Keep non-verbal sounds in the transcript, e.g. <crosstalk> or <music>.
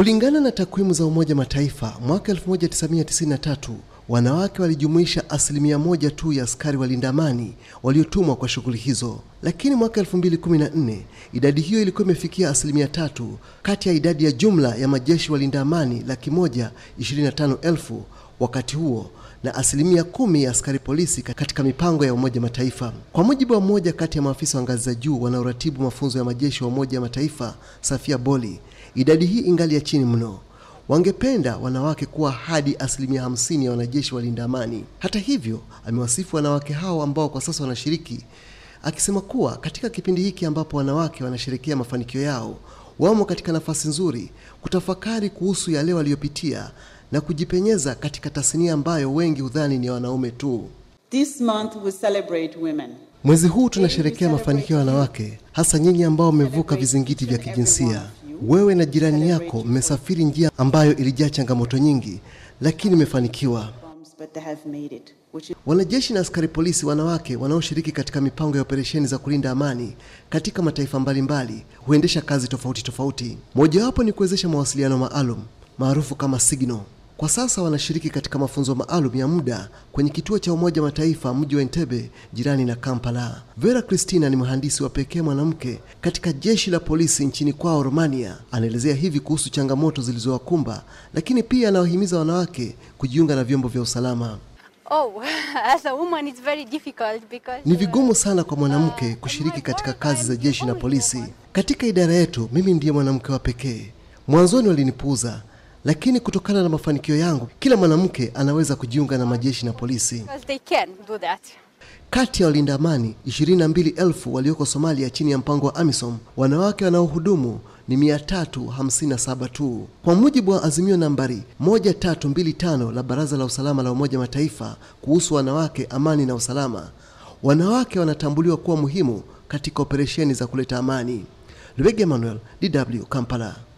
Kulingana na takwimu za Umoja Mataifa, mwaka 1993 wanawake walijumuisha asilimia moja tu ya askari walinda amani waliotumwa kwa shughuli hizo, lakini mwaka 2014 idadi hiyo ilikuwa imefikia asilimia tatu kati ya idadi ya jumla ya majeshi walinda amani laki moja elfu wakati huo na asilimia kumi ya askari polisi katika mipango ya Umoja Mataifa. Kwa mujibu wa mmoja kati ya maafisa wa ngazi za juu wanaoratibu mafunzo ya majeshi wa Umoja Mataifa, Safia Boli, Idadi hii ingali ya chini mno. Wangependa wanawake kuwa hadi asilimia hamsini ya wanajeshi walinda amani. Hata hivyo, amewasifu wanawake hao ambao kwa sasa wanashiriki, akisema kuwa katika kipindi hiki ambapo wanawake wanasherekea mafanikio yao, wamo katika nafasi nzuri kutafakari kuhusu yale waliyopitia na kujipenyeza katika tasnia ambayo wengi hudhani ni wanaume tu. This month we celebrate women. Mwezi huu tunasherekea mafanikio ya wanawake, hasa nyinyi ambao mmevuka vizingiti vya kijinsia. Wewe na jirani yako mmesafiri njia ambayo ilijaa changamoto nyingi, lakini imefanikiwa. Wanajeshi na askari polisi wanawake wanaoshiriki katika mipango ya operesheni za kulinda amani katika mataifa mbalimbali huendesha kazi tofauti tofauti. Mojawapo ni kuwezesha mawasiliano maalum maarufu kama Signal. Kwa sasa wanashiriki katika mafunzo maalum ya muda kwenye kituo cha Umoja Mataifa mji wa Entebbe jirani na Kampala. Vera Christina ni mhandisi wa pekee mwanamke katika jeshi la polisi nchini kwao Romania. Anaelezea hivi kuhusu changamoto zilizowakumba, lakini pia anawahimiza wanawake kujiunga na vyombo vya usalama. Oh, <laughs> as a woman it's very difficult because, ni vigumu uh, sana kwa mwanamke uh, kushiriki katika kazi za jeshi na polisi. Katika idara yetu mimi ndiye mwanamke wa pekee. Mwanzoni walinipuuza lakini kutokana na mafanikio yangu, kila mwanamke anaweza kujiunga na majeshi na polisi. Kati ya walinda amani 22 walioko Somalia chini ya mpango wa AMISOM, wanawake wanaohudumu ni 357 tu, kwa mujibu wa azimio nambari 1325 la Baraza la Usalama la Umoja Mataifa kuhusu wanawake, amani na usalama. Wanawake wanatambuliwa kuwa muhimu katika operesheni za kuleta amani. lubege Emmanuel, DW, Kampala.